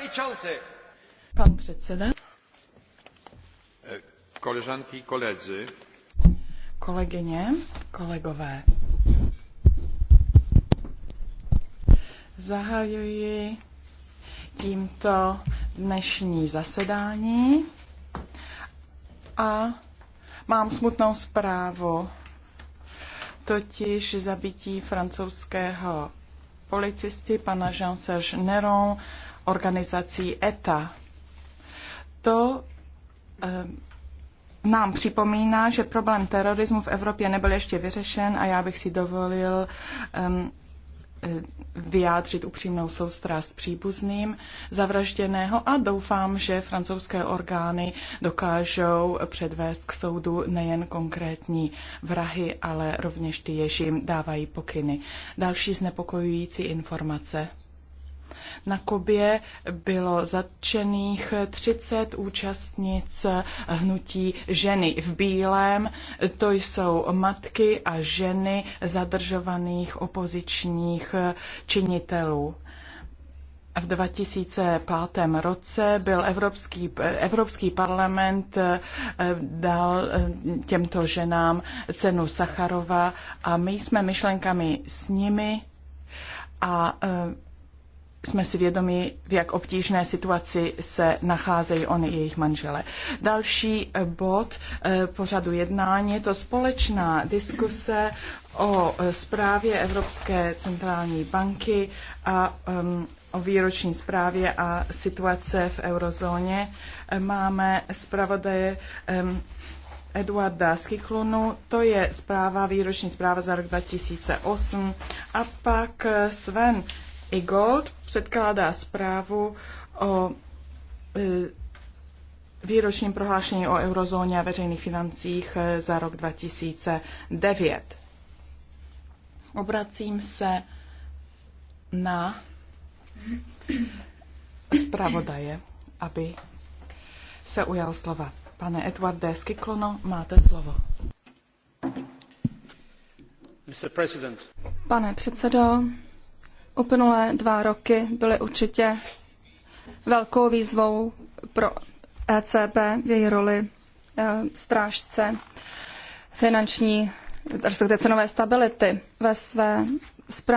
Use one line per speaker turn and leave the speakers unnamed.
Pane Pan předseda. Koleżanki koledzy. Kolegyně, kolegové. Zahajuji tímto dnešní zasedání a mám smutnou zprávu, totiž zabití francouzského policisty pana Jean-Serge Neron organizací ETA. To eh, nám připomíná, že problém terorismu v Evropě nebyl ještě vyřešen a já bych si dovolil ehm, eh, vyjádřit upřímnou soustrast příbuzným zavražděného a doufám, že francouzské orgány dokážou předvést k soudu nejen konkrétní vrahy, ale rovněž ty, jež jim dávají pokyny. Další znepokojující informace na Kobě bylo zatčených 30 účastnic hnutí ženy v bílém. To jsou matky a ženy zadržovaných opozičních činitelů. V 2005 roce byl Evropský, Evropský parlament eh, dal eh, těmto ženám cenu Sacharova a my jsme myšlenkami s nimi a eh, jsme si vědomi, v jak obtížné situaci se nacházejí oni i jejich manžele. Další eh, bod eh, pořadu jednání je to společná diskuse o zprávě eh, Evropské centrální banky a um, o výroční zprávě a situace v eurozóně. Máme zpravodaje um, Eduarda Skiklunu, to je zpráva, výroční zpráva za rok 2008. A pak Sven Igold předkládá zprávu o e, výročním prohlášení o eurozóně a veřejných financích e, za rok 2009. Obracím se na zpravodaje, aby se ujal slova. Pane Edwarde Skiklono, máte slovo. Pane předsedo, Uplynulé dva roky byly určitě velkou výzvou pro ECB v její roli e, strážce finanční, respektive cenové stability. Ve své